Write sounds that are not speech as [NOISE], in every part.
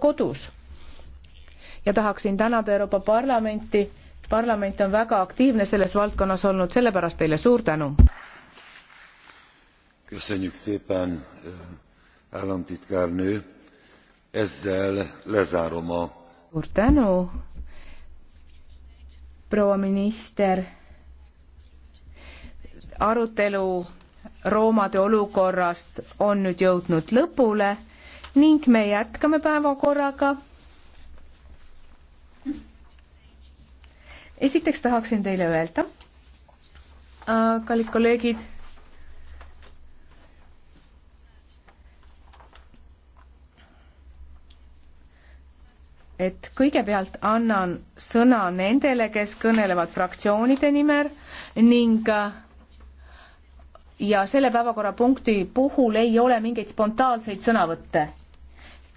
kodus. ja tahaksin tänada Euroopa Parlamenti, parlament on väga aktiivne selles valdkonnas olnud, sellepärast teile suur tänu. Köszönjük szépen, eh, államtitkárnő. Ezzel lezárom a... Suur tänu, proua minister. Arutelu roomade olukorrast on nüüd jõudnud lõpule ning me jätkame päevakorraga. esiteks tahaksin teile öelda, kallid kolleegid, et kõigepealt annan sõna nendele, kes kõnelevad fraktsioonide nimel ning ja selle päevakorrapunkti puhul ei ole mingeid spontaanseid sõnavõtte.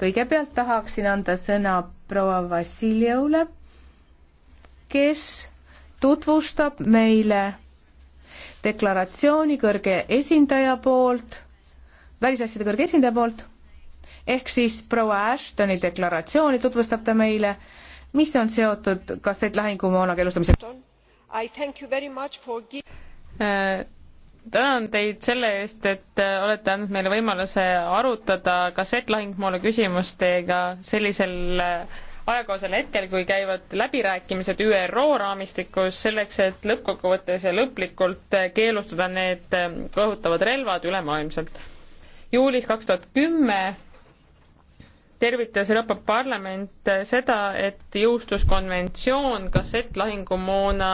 kõigepealt tahaksin anda sõna proua Vassiljevule, kes tutvustab meile deklaratsiooni kõrge esindaja poolt, välisasjade kõrge esindaja poolt, ehk siis proua Ashtoni deklaratsiooni tutvustab ta meile, mis on seotud kassettlahingumoona keelustamisega. For... Äh, tänan teid selle eest, et äh, olete andnud meile võimaluse arutada kassettlahingmoole küsimust teiega sellisel äh, ajakohasel hetkel, kui käivad läbirääkimised ÜRO raamistikus selleks, et lõppkokkuvõttes ja lõplikult äh, keelustada need kohutavad relvad ülemaailmselt. juulis kaks tuhat kümme tervitas Euroopa Parlament seda, et jõustus konventsioon kassettlahingumoona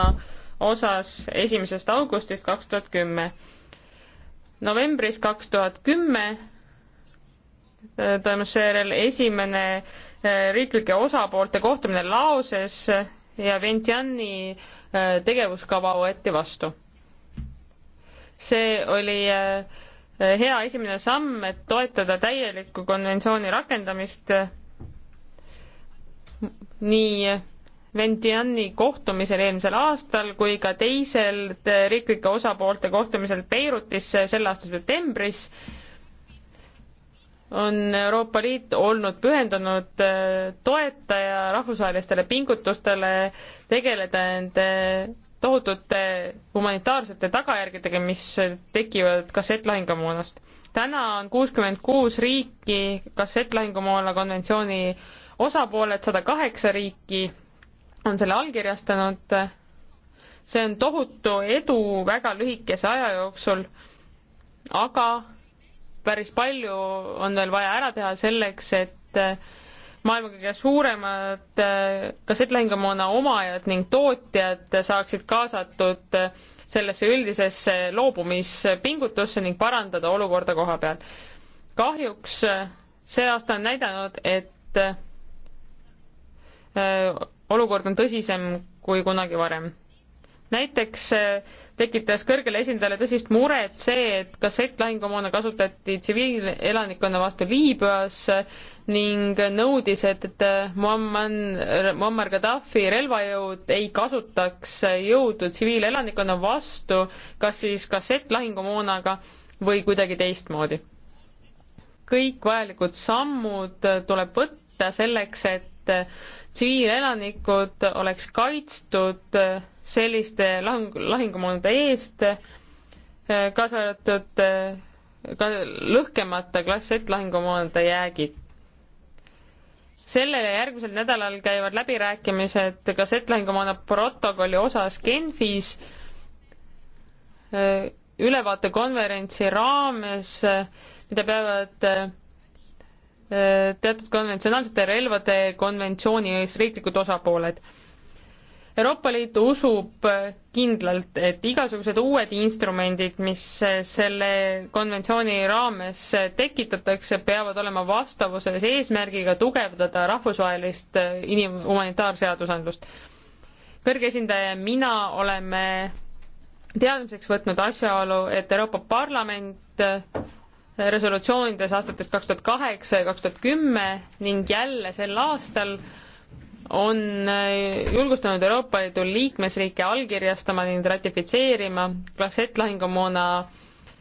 osas esimesest augustist kaks tuhat kümme. novembris kaks tuhat kümme äh, toimus seejärel esimene äh, riiklike osapoolte kohtumine Laoses ja Vientiani äh, tegevuskava võeti vastu. see oli hea esimene samm, et toetada täielikku konventsiooni rakendamist nii Ventiani kohtumisel eelmisel aastal kui ka teisel riiklike osapoolte kohtumisel Beirutis selle aasta septembris on Euroopa Liit olnud pühendunud äh, toetaja rahvusvahelistele pingutustele tegeleda nende tohutute humanitaarsete tagajärgedega, mis tekivad kassettlahingumoonast. täna on kuuskümmend kuus riiki kassettlahingumoona konventsiooni osapooled, sada kaheksa riiki on selle allkirjastanud. see on tohutu edu väga lühikese aja jooksul, aga päris palju on veel vaja ära teha selleks, et äh, maailma kõige suuremad äh, kassettlahingumoona omajad ning tootjad saaksid kaasatud äh, sellesse üldisesse loobumispingutusse ning parandada olukorda koha peal. kahjuks see aasta on näidanud, et olukord on tõsisem kui kunagi varem. näiteks äh, tekitas kõrgele esindajale tõsist muret see, et kassett lahingumoona kasutati tsiviilelanikkonna vastu Liibüas äh, ning nõudis, et, et äh, Muammar, Muammar Gaddafi relvajõud ei kasutaks jõudu tsiviilelanikkonna vastu, kas siis kassettlahingumoonaga või kuidagi teistmoodi. kõik vajalikud sammud tuleb võtta selleks, et tsiviilelanikud oleks kaitstud selliste lahing, lahingumoonade eest, kaasa arvatud ka lõhkemata klassett lahingumoonade jäägid. sellel ja järgmisel nädalal käivad läbirääkimised kassettlahingumoona protokolli osas Genfis ülevaatekonverentsi raames, mida peavad teatud konventsionaalsete relvade konventsiooni riiklikud osapooled. Euroopa Liit usub kindlalt, et igasugused uued instrumendid, mis selle konventsiooni raames tekitatakse, peavad olema vastavuses eesmärgiga tugevdada rahvusvahelist inim-, humanitaarseadusandlust. kõrge esindaja ja mina oleme teadmiseks võtnud asjaolu, et Euroopa Parlament resolutsioonides aastatest kaks tuhat kaheksa ja kaks tuhat kümme ning jälle sel aastal on äh, julgustanud Euroopa Liidu liikmesriike allkirjastama ning ratifitseerima Klasett-Lahingumoona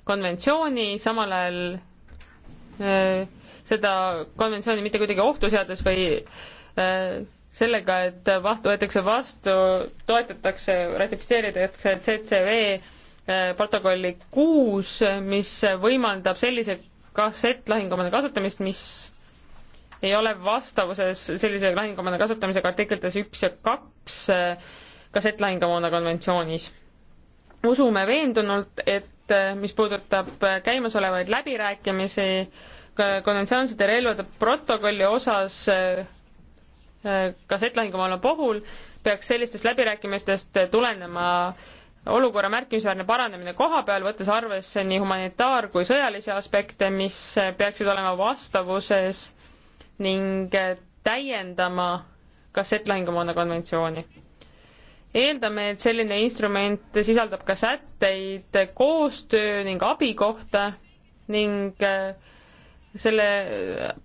konventsiooni, samal ajal äh, seda konventsiooni mitte kuidagi ohtu seades või äh, sellega, et vastu võetakse vastu, toetatakse, ratifitseeritakse CCV Äh, protokolli kuus, mis võimaldab sellise kassettlahingumanna kasutamist, mis ei ole vastavuses sellise lahingumanna kasutamisega artiklites üks ja kaks äh, kassettlahingumanna konventsioonis. usume veendunult, et äh, mis puudutab käimasolevaid läbirääkimisi konventsioonsete relvade protokolli osas kassettlahingumanna puhul, peaks sellistest läbirääkimistest tulenema äh, olukorra märkimisväärne parandamine kohapeal, võttes arvesse nii humanitaar- kui sõjalisi aspekte, mis peaksid olema vastavuses ning täiendama ka setlahingumoona konventsiooni. eeldame, et selline instrument sisaldab ka sätteid koostöö ning abi kohta ning äh, selle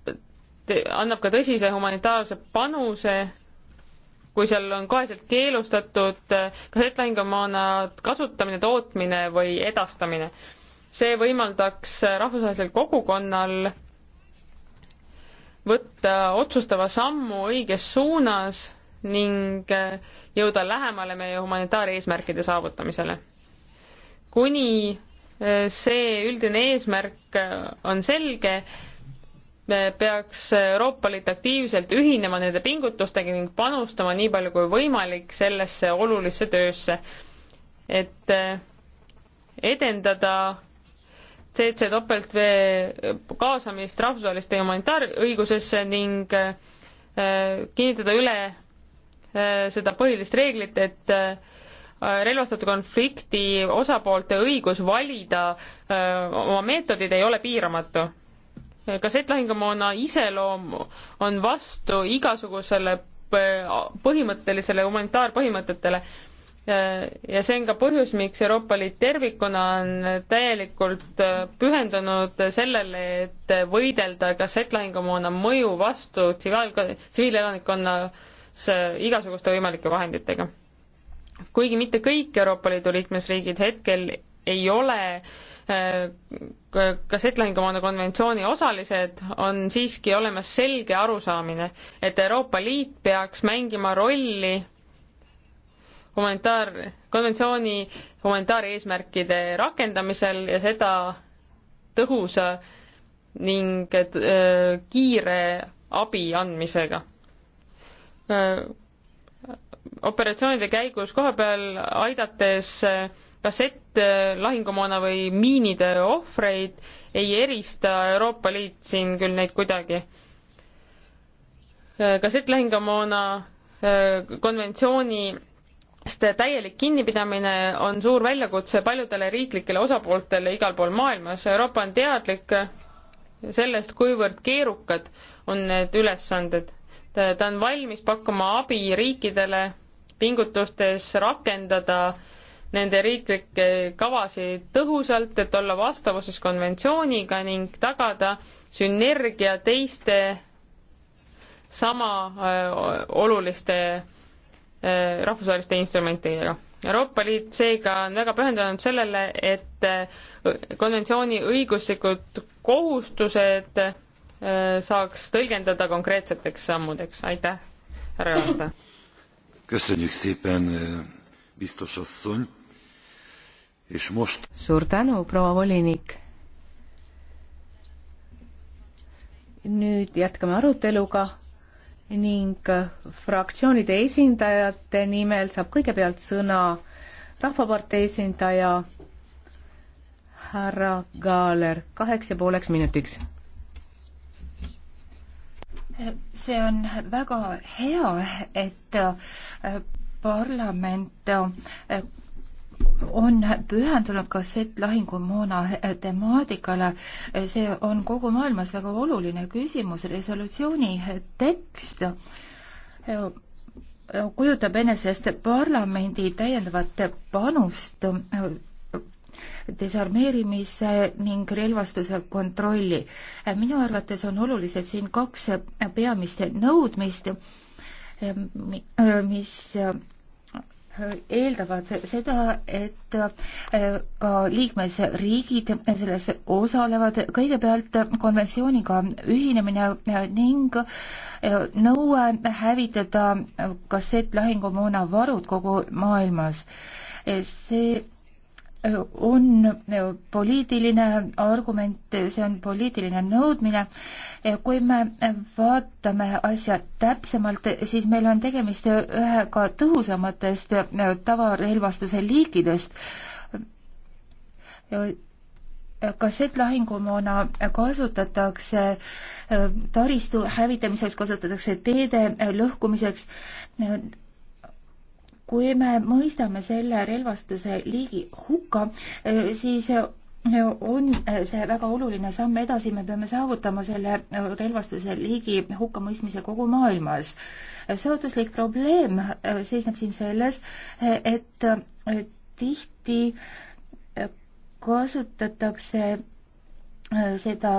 äh, annab ka tõsise humanitaarse panuse kui seal on koheselt keelustatud kassettlahingumoona kasutamine, tootmine või edastamine. see võimaldaks rahvusvahelisel kogukonnal võtta otsustava sammu õiges suunas ning jõuda lähemale meie humanitaareesmärkide saavutamisele. kuni see üldine eesmärk on selge, me peaks Euroopa Liit aktiivselt ühinema nende pingutustega ning panustama nii palju kui võimalik sellesse olulisse töösse, et eh, edendada CC topeltv kaasamist rahvusvaheliste humanitaarõigusesse ning eh, kinnitada üle eh, seda põhilist reeglit, et relvastatud konflikti osapoolte õigus valida oma meetodid ei ole piiramatu kassettlahingumoona iseloom on vastu igasugusele põhimõttelisele humanitaarpõhimõtetele. ja see on ka põhjus, miks Euroopa Liit tervikuna on täielikult äh, pühendunud sellele, et võidelda kassettlahingumoona mõju vastu tsivaal-, tsiviilelanikkonnas äh, igasuguste võimalike vahenditega. kuigi mitte kõik Euroopa Liidu liikmesriigid hetkel ei ole äh, ka Setlangi konventsiooni osalised, on siiski olemas selge arusaamine, et Euroopa Liit peaks mängima rolli humanitaar, konventsiooni humanitaareesmärkide rakendamisel ja seda tõhusa ning et, öö, kiire abi andmisega. operatsioonide käigus kohapeal aidates kassett Äh, lahingumoona või miinide ohvreid, ei erista Euroopa Liit siin küll neid kuidagi. Äh, kassettlahingumoona äh, konventsiooni sest täielik kinnipidamine on suur väljakutse paljudele riiklikele osapooltele igal pool maailmas. Euroopa on teadlik sellest, kuivõrd keerukad on need ülesanded. ta on valmis pakkuma abi riikidele pingutustes rakendada äh, nende riiklikke kavasid tõhusalt, et olla vastavuses konventsiooniga ning tagada sünergia teiste sama äh, oluliste äh, rahvusvaheliste instrumentidega. Euroopa Liit seega on väga pühendunud sellele, et äh, konventsiooni õiguslikud kohustused äh, saaks tõlgendada konkreetseteks sammudeks. aitäh, härra juhataja! köszönjük szépen, biztos asszony! Must... suur tänu, proua volinik. nüüd jätkame aruteluga ning fraktsioonide esindajate nimel saab kõigepealt sõna Rahvapartei esindaja härra Kaaler kaheks ja pooleks minutiks. see on väga hea, et parlament on pühendunud kassettlahingumoona temaatikale. see on kogu maailmas väga oluline küsimus, resolutsiooni tekst kujutab enesest parlamendi täiendavat panust desarmeerimise ning relvastuse kontrolli. minu arvates on olulised siin kaks peamist nõudmist, mis eeldavad seda, et äh, ka liikmesriigid selles osalevad. kõigepealt konventsiooniga ühinemine äh, ning äh, nõue hävitada kassettlahingumoona varud kogu maailmas. see on poliitiline argument, see on poliitiline nõudmine. kui me vaatame asja täpsemalt, siis meil on tegemist ühega tõhusamatest tavarelvastuse liikidest. kassettlahingumoona kasutatakse taristu hävitamiseks, kasutatakse teede lõhkumiseks kui me mõistame selle relvastuse liigi hukka, eh, siis eh, on eh, see väga oluline samm edasi, me peame saavutama selle relvastuse liigi hukkamõistmise kogu maailmas. seaduslik probleem seisneb siin selles, et tihti kasutatakse seda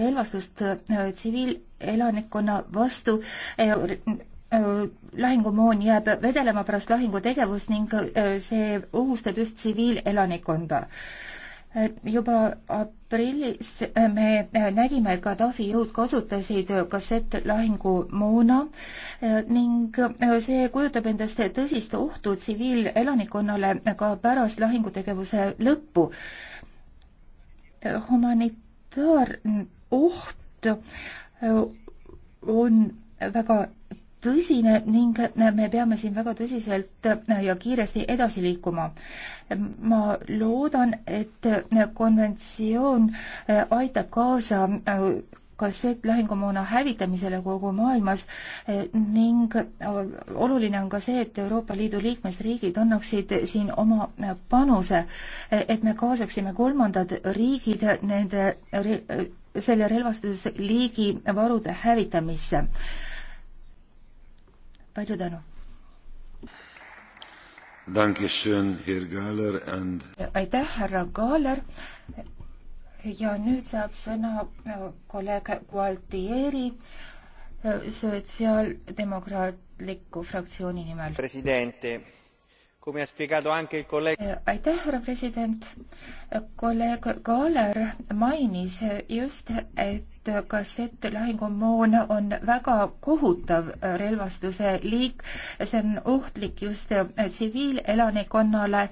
relvastust tsiviilelanikkonna vastu Äh, lahingumoon jääb vedelema pärast lahingutegevust ning äh, see ohustab just tsiviilelanikkonda. Äh, juba aprillis me nägime, et Gaddafi jõud kasutasid kassettlahingumoona ning see kujutab endast tõsist ohtu tsiviilelanikkonnale ka pärast lahingutegevuse lõppu. humanitaarne oht on väga tõsine ning me peame siin väga tõsiselt ja kiiresti edasi liikuma. ma loodan, et konventsioon aitab kaasa kassettlahingumoona hävitamisele kogu maailmas ning oluline on ka see, et Euroopa Liidu liikmesriigid annaksid siin oma panuse, et me kaasaksime kolmandad riigid nende, selle relvastusliigi varude hävitamisse palju tänu! And... aitäh, härra Kaaler! ja nüüd saab sõna äh, kolleeg Gualtieri äh, sotsiaaldemokraatliku fraktsiooni nimel. president Eh, aitäh, härra president. kolleeg Kaaler mainis just, et kassettlahingumoon on väga kohutav relvastuse liik. see on ohtlik just tsiviilelanikkonnale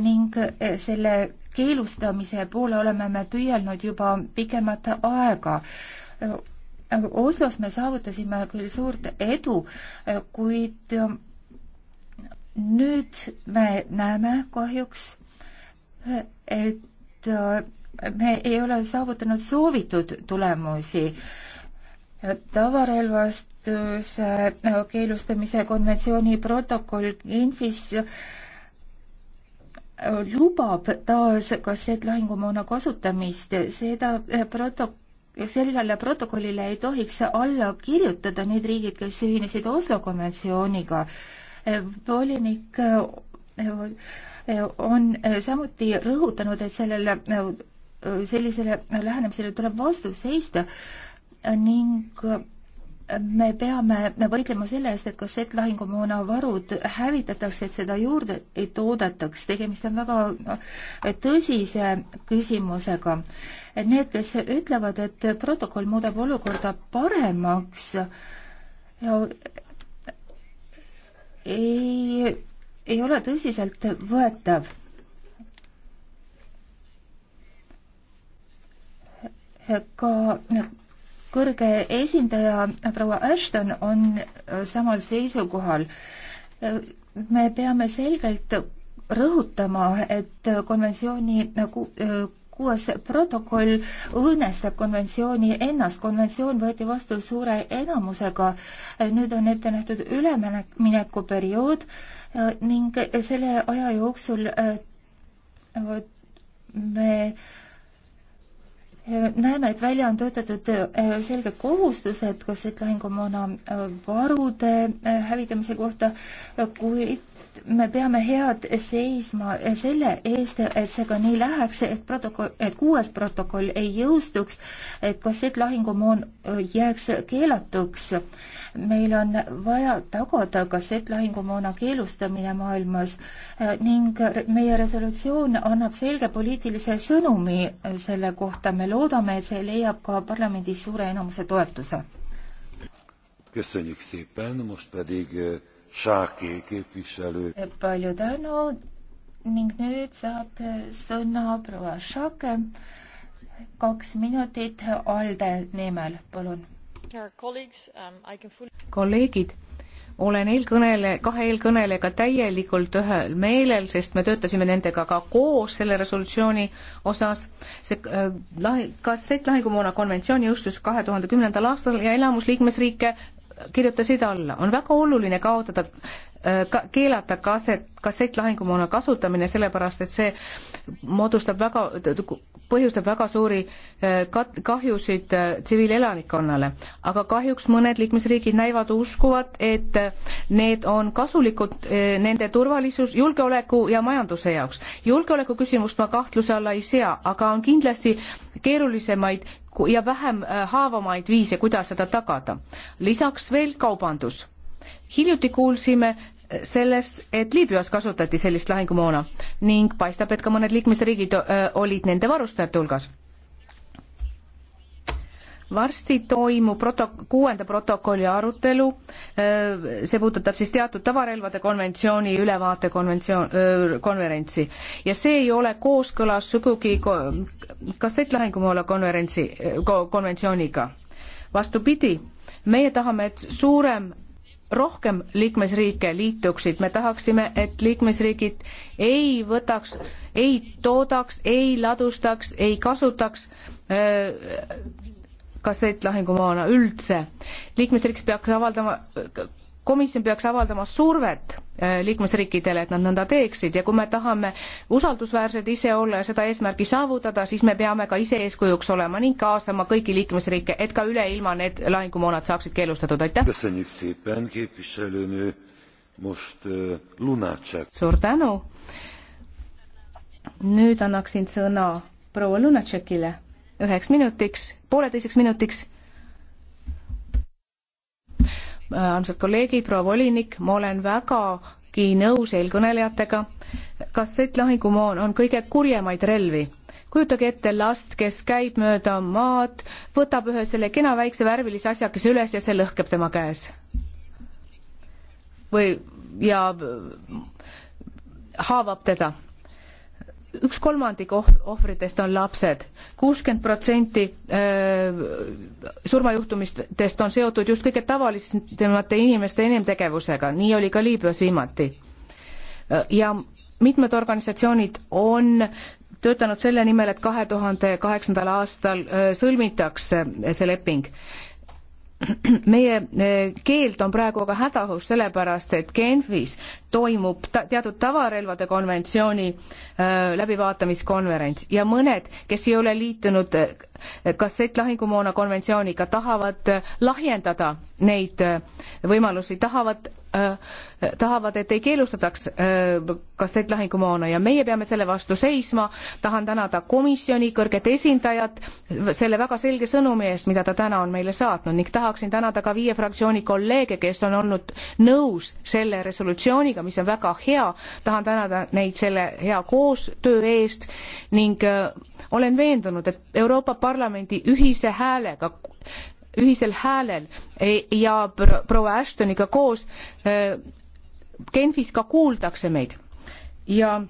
ning selle keelustamise poole oleme me püüelnud juba pikemat aega Oslos me saavutasime küll suurt edu, kuid nüüd me näeme kahjuks, et äh, me ei ole saavutanud soovitud tulemusi. tavarelvastuse keelustamise konventsiooni protokoll Genfis äh, lubab taas kassettlahingumoona kasutamist, seda protok-, sellele protokollile ei tohiks alla kirjutada need riigid, kes ühinesid Oslo konventsiooniga volinik eh, on eh, samuti rõhutanud, et sellele, eh, sellisele lähenemisele tuleb vastu seista ning me peame võitlema selle eest, et kassettlahingumoona varud hävitatakse, et seda juurde ei toodetaks. tegemist on väga tõsise küsimusega. Need, kes ütlevad, et protokoll muudab olukorda paremaks, ei, ei ole tõsiselt võetav. ka kõrge esindaja proua Ashton on samal seisukohal. me peame selgelt rõhutama, et konventsiooni nagu kuues protokoll õõnestab konventsiooni ennast. konventsioon võeti vastu suure enamusega. nüüd on ette nähtud üleminekuperiood äh, ning selle aja jooksul äh, me Äh, näeme, et välja on töötatud äh, selged kohustused ka sittlahingumoona äh, varude hävitamise kohta, kuid me peame head seisma selle eest, et see ka nii läheks, et protokoll, et kuues protokoll ei jõustuks, et ka sittlahingumoon jääks keelatuks. meil on vaja tagada ka sittlahingumoona keelustamine maailmas ning meie resolutsioon annab selge poliitilise sõnumi selle kohta, me loome loodame, et see leiab ka parlamendis suure enamuse toetuse. palju tänu ning nüüd saab sõna proua Šake, kaks minutit ALDE nimel, palun. kolleegid um, olen eelkõnele, kahe eelkõnelejaga täielikult ühel meelel, sest me töötasime nendega ka koos selle resolutsiooni osas. see äh, lahi, kassettlahingumoona konventsioon jõustus kahe tuhande kümnendal aastal ja enamus liikmesriike kirjutasid alla. on väga oluline kaotada äh, ka,, keelata kaset, kassettlahingumoona kasutamine, sellepärast et see moodustab väga, põhjustab väga suuri äh, kat-, kahjusid äh, tsiviilelanikkonnale. aga kahjuks mõned liikmesriigid näivad, uskuvad, et need on kasulikud nende turvalisus, julgeoleku ja majanduse jaoks. julgeoleku küsimust ma kahtluse alla ei sea, aga on kindlasti keerulisemaid ja vähem äh, haavamaid viise, kuidas seda tagada. lisaks veel kaubandus. hiljuti kuulsime äh, sellest, et Liibüas kasutati sellist lahingumoona ning paistab, et ka mõned liikmesriigid äh, olid nende varustajate hulgas varsti toimub proto-, kuuenda protokolli arutelu, see puudutab siis teatud tavarelvade konventsiooni ülevaate konventsioon, konverentsi. ja see ei ole kooskõlas sugugi kassettlahingumoole konverentsi, konventsiooniga. vastupidi, meie tahame, et suurem rohkem liikmesriike liituksid, me tahaksime, et liikmesriigid ei võtaks, ei toodaks, ei ladustaks, ei kasutaks öö, kassettlahingumoona üldse. liikmesriigiks peaks avaldama, komisjon peaks avaldama survet äh, liikmesriikidele, et nad nõnda teeksid ja kui me tahame usaldusväärsed ise olla ja seda eesmärgi saavutada, siis me peame ka ise eeskujuks olema ning kaasama kõiki liikmesriike, et ka üle ilma need lahingumoonad saaksid keelustatud, aitäh! suur tänu! nüüd annaksin sõna proua Lunatšekile üheks minutiks, pooleteiseks minutiks. armsad kolleegid, proua volinik, ma olen vägagi nõus eelkõnelejatega. kassettlahingumoon on kõige kurjemaid relvi kujutage ette last, kes käib mööda maad, võtab ühe selle kena väikse värvilise asjakese üles ja see lõhkeb tema käes. või, ja haavab teda üks kolmandik ohv-, ohvritest on lapsed. kuuskümmend protsenti äh, surmajuhtumistest on seotud just kõige tavalisemate inimeste inimtegevusega, nii oli ka Liibüas viimati. Äh, ja mitmed organisatsioonid on töötanud selle nimel, et kahe tuhande kaheksandal aastal äh, sõlmitakse see leping. [CLEARS THROAT] meie eh, keeld on praegu aga hädaohus, sellepärast et Genfis toimub ta teatud tavarelvade konventsiooni äh, läbivaatamiskonverents ja mõned, kes ei ole liitunud äh, kassettlahingumoona konventsiooniga, tahavad äh, lahjendada neid äh, võimalusi, tahavad Äh, tahavad, et ei keelustataks äh, kassettlahingumoona ja meie peame selle vastu seisma. tahan tänada komisjoni kõrget esindajat selle väga selge sõnumi eest, mida ta täna on meile saatnud ning tahaksin tänada ka viie fraktsiooni kolleege, kes on olnud nõus selle resolutsiooniga, mis on väga hea. tahan tänada neid selle hea koostöö eest ning äh, olen veendunud, et Euroopa Parlamendi ühise häälega ühisel häälel ja proua Ashtoniga koos äh, Genfis ka kuuldakse meid ja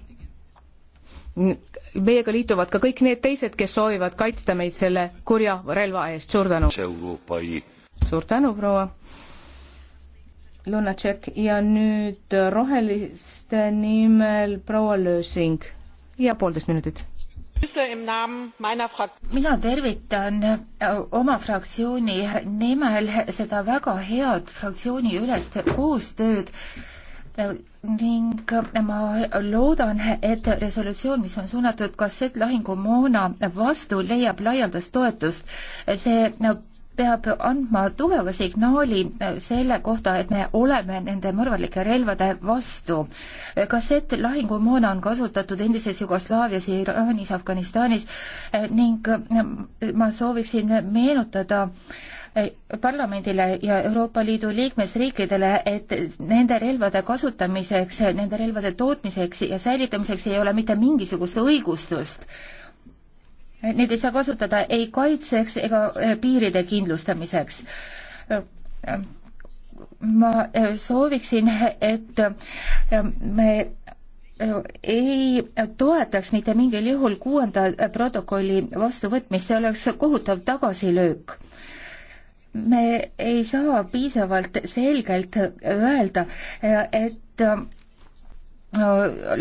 meiega liituvad ka kõik need teised, kes soovivad kaitsta meid selle kurja relva eest. suur tänu. suur tänu, proua Lunatšek ja nüüd roheliste nimel proua Lösing ja poolteist minutit mina tervitan äh, oma fraktsiooni nimel seda väga head fraktsiooniülest koostööd ning ma loodan, et resolutsioon, mis on suunatud kassett lahingumoona vastu, leiab laialdast toetust. see peab andma tugeva signaali äh, selle kohta, et me oleme nende mõrvalike relvade vastu. Äh, kassettlahingumoona on kasutatud endises Jugoslaavias, Iraanis, Afganistanis äh, ning ma sooviksin meenutada parlamendile ja Euroopa Liidu liikmesriikidele, et nende relvade kasutamiseks, nende relvade tootmiseks ja säilitamiseks ei ole mitte mingisugust õigustust Neid ei saa kasutada ei kaitseks ega eh, piiride kindlustamiseks. ma eh, sooviksin, et eh, me ei toetaks mitte mingil juhul kuuenda protokolli vastuvõtmist, see oleks kohutav tagasilöök. me ei saa piisavalt selgelt öelda, et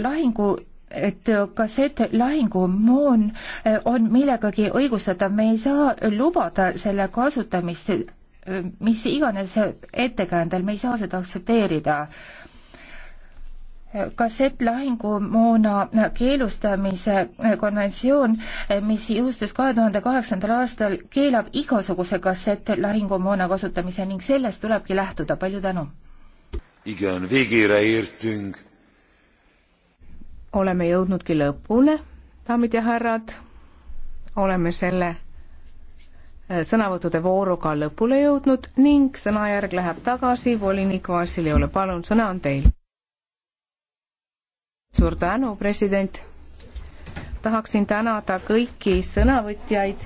lahingu et kassettlahingumoon eh, on millegagi õigustatav, me ei saa lubada selle kasutamist eh, mis iganes ettekäändel, me ei saa seda aktsepteerida. Eh, kassettlahingumoona keelustamise konventsioon, mis jõustus kahe tuhande kaheksandal aastal, keelab igasuguse kassettlahingumoona kasutamise ning sellest tulebki lähtuda, palju tänu! igen, végére értünk oleme jõudnudki lõpule, daamid ja härrad. oleme selle äh, sõnavõttude vooruga lõpule jõudnud ning sõnajärg läheb tagasi volinik Vassiljevile. palun, sõna on teil. suur tänu, president. tahaksin tänada kõiki sõnavõtjaid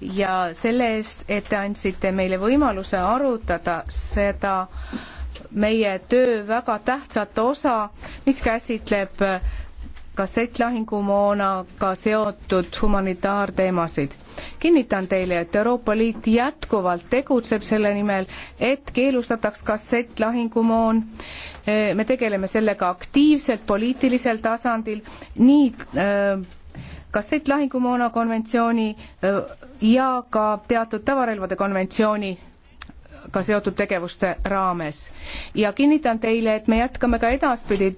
ja selle eest, et te andsite meile võimaluse arutada seda äh, meie töö väga tähtsat osa, mis käsitleb kassettlahingumoonaga seotud humanitaarteemasid. kinnitan teile, et Euroopa Liit jätkuvalt tegutseb selle nimel, et keelustataks kassettlahingumoon. me tegeleme sellega aktiivselt poliitilisel tasandil, nii äh, kassettlahingumoona konventsiooni äh, ja ka teatud tavarelvade konventsiooni ka seotud tegevuste raames. ja kinnitan teile, et me jätkame ka edaspidi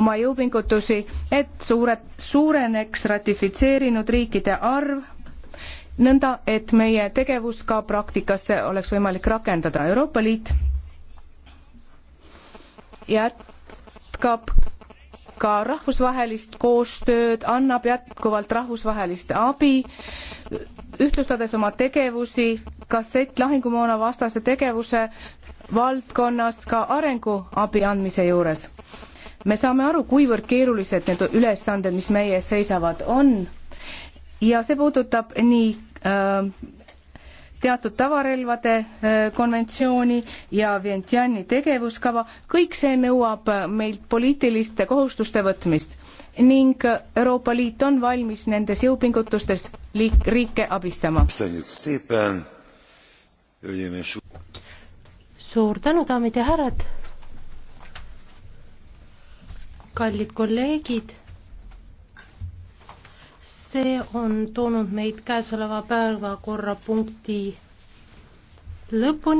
oma jõupingutusi, et suure, suureneks ratifitseerinud riikide arv, nõnda et meie tegevus ka praktikasse oleks võimalik rakendada. Euroopa Liit jätkab ka rahvusvahelist koostööd, annab jätkuvalt rahvusvahelist abi ühtlustades oma tegevusi kassettlahingumoona vastase tegevuse valdkonnas ka arenguabi andmise juures. me saame aru, kuivõrd keerulised need ülesanded, mis meie ees seisavad, on ja see puudutab nii äh, teatud tavarelvade äh, konventsiooni ja Vientiani tegevuskava, kõik see nõuab meilt poliitiliste kohustuste võtmist ning Euroopa Liit on valmis nendes jõupingutustes liik-, riike abistama. suur tänu, daamid ja härrad, kallid kolleegid see on toonud meid käesoleva päevakorrapunkti lõpuni.